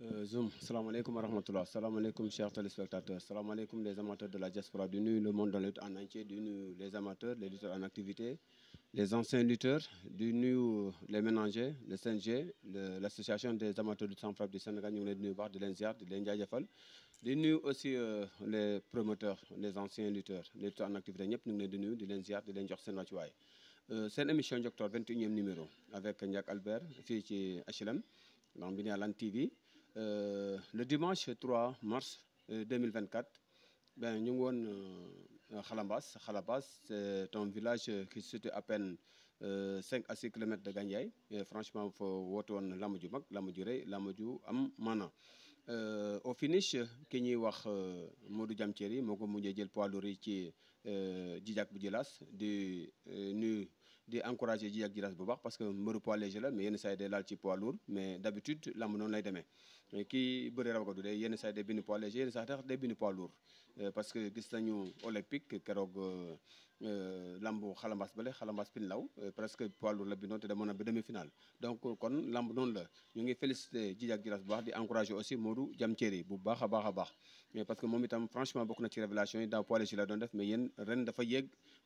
Euh, Zoom, salam alaikum wa rahmatullah, salam alaikum chers téléspectateurs, salam alaikum les amateurs de la diaspora du NU, le monde lutte en entier du les amateurs, les lutteurs en activité, les anciens lutteurs du NU, les ménagers, le CNG, l'association des amateurs de lutte frappe du Sénégal, nous les NU Bar de l'Inziar, de l'Indiadjafal, du NU aussi euh, les promoteurs, les anciens lutteurs, les lutteurs en activité, nous les NU, de l'Inziar, de l'Indiar C'est une émission d'octobre 21e numéro avec Ndiak Albert fii HLM, donc bi TV. Euh, le dimanche 3 mars 2024, euh, ben, nous avons à euh, Khalambas. Khalambas, c'est un village qui se situe à peine euh, 5 à 6 km de Ganyay. franchement, il faut voir Lamadjou Mak, Lamadjou Rey, Lamadjou Am Mana. Euh, au finish, ki ñuy wax Modou Diamtieri moo ko mujjee jël poids lourd ci Djidiack bu Djilas di nuyu di encourager Djidiack Djilas bu baax parce que mbëru poids léger la mais yenn saa yi day ci poids lourd mais d'habitude lamb noonu lay demee mais qui bëri raw ko du day yenn saa day bind poids léger yenn saa tax day bind poids lourd euh, parce que gis nañu olympique kérok euh, euh, lambu xalambaas bale xalambaas pin law presque poids lourd la bindoon te demoon ba demi final donc kon lamb non la ñu ngi féliciter djidjak Djilass bu baax di encourager aussi Modou Jam Thierry bu baaxa baaxa baax mais parce que mom itam franchement bokku na ci révélation yi daaw poids léger la doon def mais yéen ren dafa yegg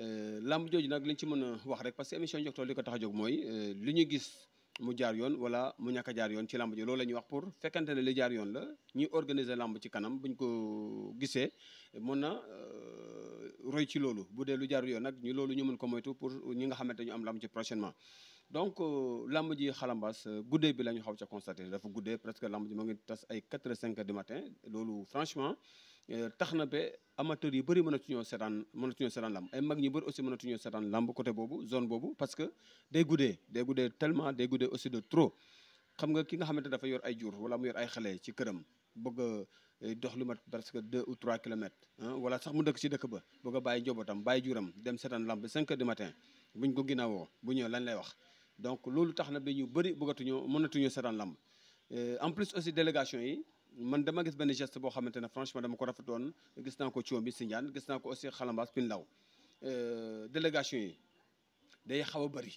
Euh, làmb jooju nag liñ ci mën a wax rek parce que émission Njoktoor li ko tax a jóg mooy euh, li ñu gis mu jaar yoon wala mu ñàkk jaar yoon ci làmb ji loolu la ñuy wax pour fekkante ne li jaar yoon la ñuy organiser làmb ci kanam buñ ko gisee mën na euh, roy ci loolu bu dee jaar yoon nag ñu loolu ñu mën ko moytu pour ñi nga xamante ñu am làmb ci prochainement. donc làmb ji xalambaas guddee bi la ñu xaw ca constaté dafa guddee presque làmb ji ma ngi tas ay 4 5 heures du matin loolu franchement. Euh, tax na ba amateur yu bëri mënatuñoo seetaan mënatuñoo seetaan ay mag ñu bëri aussi mënatuñoo seetaan lamb côté boobu zone boobu parce que day guddee day guddee tellement day guddee aussi de trop xam nga ki nga xamante dafa yor ay jur wala mu yor ay xale ci këram bëgg a eh, dox lu mat presque deux ou trois kilomètres wala sax mu dëkk ci dëkk ba bëgg a bàyyi njobootam bàyyi juram dem seetaan lamb cinq heures du matin buñ ko ginnaawoo bu ñëw lañ lay wax donc loolu tax na ba ñu bëri bëggatuñoo mënatuñoo seetaan lamb euh, en plus aussi délégation yi man dama gis ben geste bo xamantene franchement dama ko rafetoon gis nako ko Thiombi Sindiane gis naa aussi Xalambaas Pinlaw euh, délégation yi day xawa bari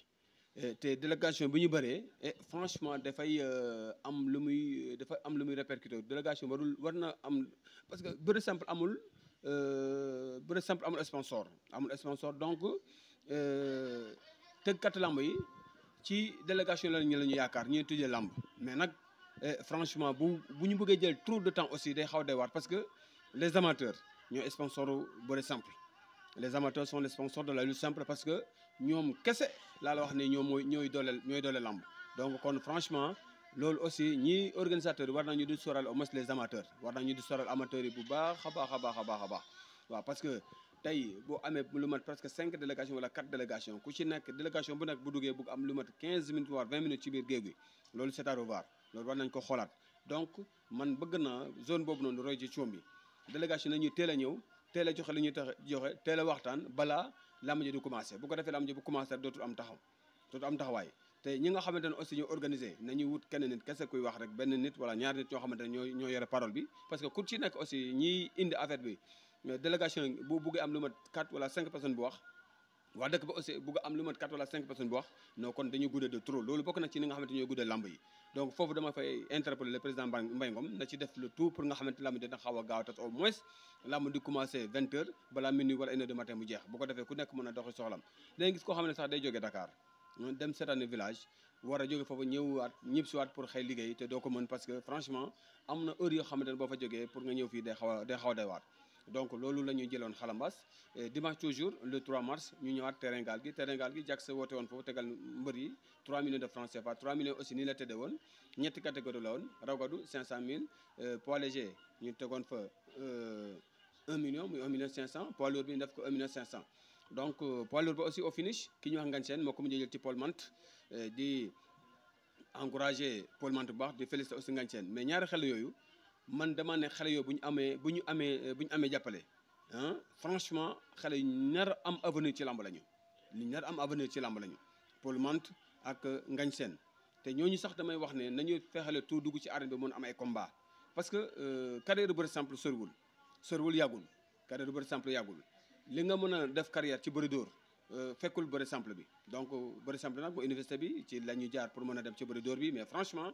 euh, té délégation bi ñu bëree eh, franchement fay euh, am lu muy fay am lu muy répercuté délégation warul warna am parce que bëri simple amul bëri simple amul sponsor amul sponsor donc tëggkat lamb yi ci délégation la ñu la ñu tudje lamb mais nak euh, franchement bu bu ñu jël trop de temps aussi day xaw day waar parce que les amateurs ñoo sponsors bëri simple les amateurs sont les sponsors de la lutte simple parce que nous sommes laa la wax ne ñoom mooy ñooy dooleel ñooy lamb donc kon franchement l'ol aussi ñi organisateur yi war nañu di soral au moins les amateurs war nañu di soral amateurs yi bu baax a baax a baax a parce que tey bon, amee lu presque cinq délégations wala quatre délégations ku ci nekk délégation bu nekk bu duggee am quinze minutes voire vingt minutes ci biir géej l'ol c'est à revoir loolu war nañ ko xoolaat donc man bëgg na zone boobu noonu roy ci coom bi délégation nañuy teel ñëw teel a joxe li ñuy tax joxe teel a waxtaan balaa làmb ji du commencé bu ko defee bu commencé dootu am taxaw dootul taxawaay te ñi nga xamante ne aussi ñu organisé nañu wut kenn nit kese kuy wax rek benn nit wala ñaari nit ñoo xamante ne ñoo ñoo yore parole bi parce que ku ci nekk aussi ñiy indi affaire bi délégation bu buggee am lu mat 4 wala 5 personnes bu waa dëkk ba aussi bugg am lu mat wala 5 personnes bu wax non kon dañuy guddee de trop loolu bokk na ci ni nga xamante ñooy lamb yi donc fofu dama fay interpeller le président Mbaye Ngom na ci def le tout pour nga xamanteni lamb dina xaw a gaaw a au moins lamb di commencer 20 heures balaa minuit wala 1h de matin mu jeex bu ko defé ku nek mëna doxi soxlam léegi gis ko xam sax day joggé Dakar dem seetaani village wara joggé fofu foofu ñëwaat pour xey liggéey té doo ko mën parce que franchement amna heure yo xamante bo fa joggé pour nga ñëw fi day xaw day xaw day waat donc loolu jëlone xalambas dimanche toujours le 3 mars ñu ñëwaat terrain terrain gi Jax 3 millions de francs 3 millions aussi ni la won ñetti catégorie la euh, poids léger ñu 1 euh, million 1 million 500 poids lourd bi 1 million donc euh, poids lourd aussi au finish ki ñu wax Paul di Paul bu baax di aussi man dama ne xalé yo bu amé amee amé ñu amé jappalé hein franchement xalé yu nar am avenir ci lamb lañu ñu nar am avenir ci lamb lañu Paul Mante ak Ngagne Sen té ñoñu sax damay wax né nañu fexalé tout dugg ci arène bi mën am ay combat parce que euh, carrière bëri simple soriwul soriwul yagul carrière bëri simple yagul li nga mëna def carrière ci bëri dóor euh, fekkul bëri simple bi donc bëri simple nak bu université bi ci lañu jaar pour mëna a dem ci bëri d'or bi mais franchement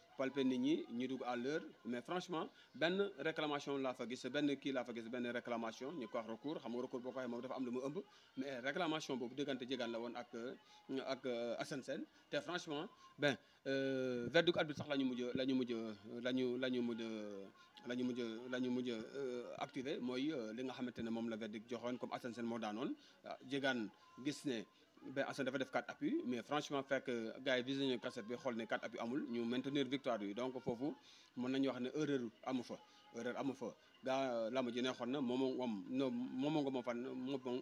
palpé nit ñi ñu dug à l'heure mais franchement ben réclamation la fa gis ben ki la fa gis ben réclamation ñu ko wax recours xam nga recours bokay mom dafa am lu mu ëmb mais réclamation bobu diggante jégaan la won ak ak euh, Assane Sène franchement ben euh, verdict arbitre sax la ñu mujj la ñu mujj la ñu la ñu mujj la ñu mujj la ñu mujj euh, li nga xamante mom moom la verdict joxone comme Assane Sène moo daanoon ah, jégaan gis né ben Assane dafa def 4 appuis mais franchement fait que euh, gars yi visionné cassette bi xol ne 4 appuis amul ñu maintenir victoire yi donc fofu mën nañ wax ne erreur amu fa erreur amu fa gaa euh, làmb ji neexoon na moomo wam no moomo nga moo fa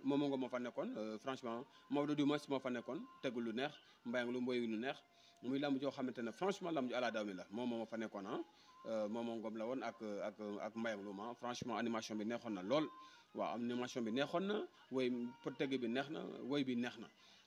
moomo nga moo fa nekkoon euh, franchement Maodo du match mo fa nekkoon tegul lu neex mbayang lu mboy lu neex muy làmb jo xamantene franchement làmb ji àla daw la momo moo fa nekkoon ah momo ngom la won ak ak ak mbay lu ma ah. franchement animation bi neexoon na lool waaw animation bi neexoon na woy tëgg bi neex na woy bi neex na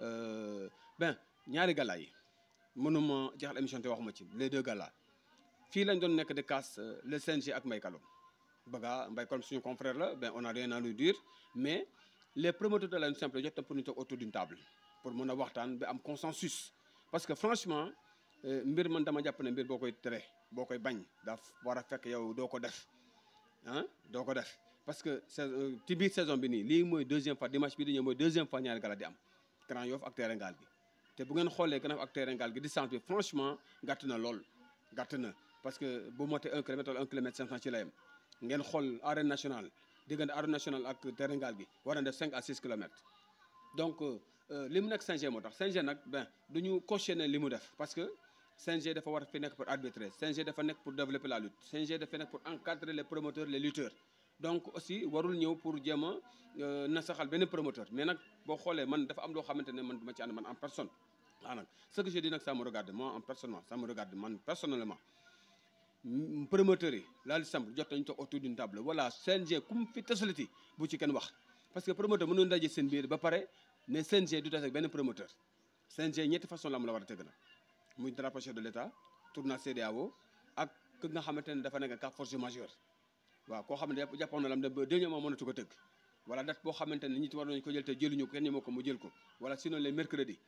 Euh, ben ñaari gala yi mënuma jeexal émission te waxuma ci les deux gala fi lañ doon nek de casse euh, le CNG ak Mbaye Kalom Baga Mbaye Kalom suñu confrère la ben on a rien à lui dire mais les promoteurs de la lutte simple jot pour nous autour d'une table pour mën a waxtaan ba am consensus parce que franchement euh, mbir man dama japp ne mbir bokoy téré bokoy bagn da wara daa fekk yow doko def ah hein, doko def parce que ci biir saison bi ni li moy deuxième fois dimanche bi ni moy deuxième fois ñaari gala di am Grand yof ak terrain gal bi té bu ngeen xolé Grand ak terrain gal bi distance bi franchement gàtt na lool na parce que bu moté 1 km 1 km, 500 ci la ngeen xol arène nationale digënd arène nationale ak terrain gal bi war def 5 à 6 km. donc euh, euh, li mu saint CNG moo tax CNG nak ben duñu ñu cautionner li def parce que CNG dafa war fi nek pour arbitrer CNG dafa nek pour développer la lutte CNG dafa nek pour encadrer les promoteurs les lutteurs donc aussi warul ñew pour jéem a euh, nasaxal ben promoteur mais nak bo xolé man dafa am lo xamantene man duma ci and man en personne ah nag ce que je dis nak ça me regarde moi en personne ça me regarde man personnellement promoteur yi la li simple jot nañu toog autour d'une table voilà CNG kum fi tasaliti bu ci ken wax parce que promoteur mënu ndaje seen biir ba paré ne CNG du tase ak benn promoteur CNG ñetti façon la mu la wara a tëgg muy drapeau chef de l'État tourna CDAO ak ki nga xamantene dafa nekk cas force majeure waaw koo xam ne jàppoon na lam dem ba dernier mois mënatu ko tëgg wala date boo xamante ne nit war nañu ko jël te jëluñu ko kenn moo ko mu jël ko wala sinon les mercredi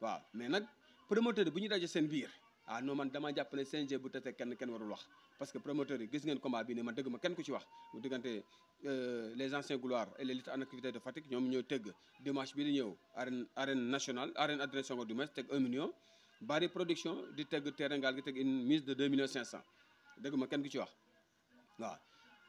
waaw mais nag promoteur yi bu ñu daje seen biir ah non man dama jàpp ne CNG bu tete kenn kenn warul wax parce que promoteur yi gis ngeen combat bi ne man dëgg ma kenn ku ci wax bu diggante euh, les anciens gloires et les luttes en activité de Fatick ñoom ñoo tëgg dimanche bi di ñëw arène arène nationale arène Adrien Senghor du Metz teg 1 million bari production di teg terrain gi teg une mise de 2 millions 500 dëgg ma kenn ku ci wax waaw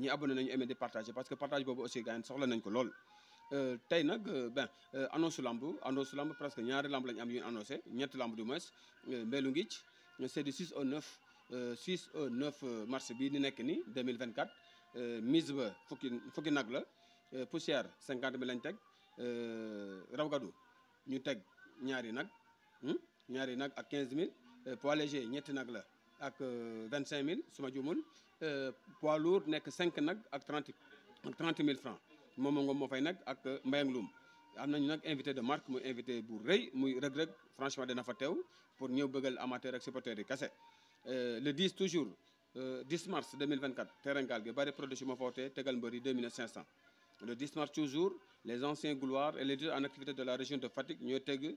ñi abonné nañu aimé di partager parce que partage bobu aussi gars soxla nañ ko lool. Euh, tay nak euh, ben euh, annonce lamb annonce lamb presque ñaari lamb lañ am ñu annoncé ñetti lamb du moins Mbelou Ngidj c'est du 6 au 9 6 au 9 mars bi ni nek ni 2024 mise ba fukki fukki nak la poussière 50 000 lañ euh rawgadou ñu tek ñaari hmm ñaari nak ak 15 000 poids léger ñetti nag la ak 25 000 su ma euh, poids lourd que 5 nag ak 30 ak 30 000 francs moom ngom mo fay nag ak euh, Mbayang Loum am invité de marque muy invité bu reuy muy reg reg franchement dina fa tew pour ñëw bëggal amateur ak supporters yi euh, le 10 toujours 10 mars 2024 terrain gal gi bari production moo fawtee tegal mbër yi 2500 le 10 mars toujours les anciens gouloirs et les deux en activité de la région de Fatick ñoo tegg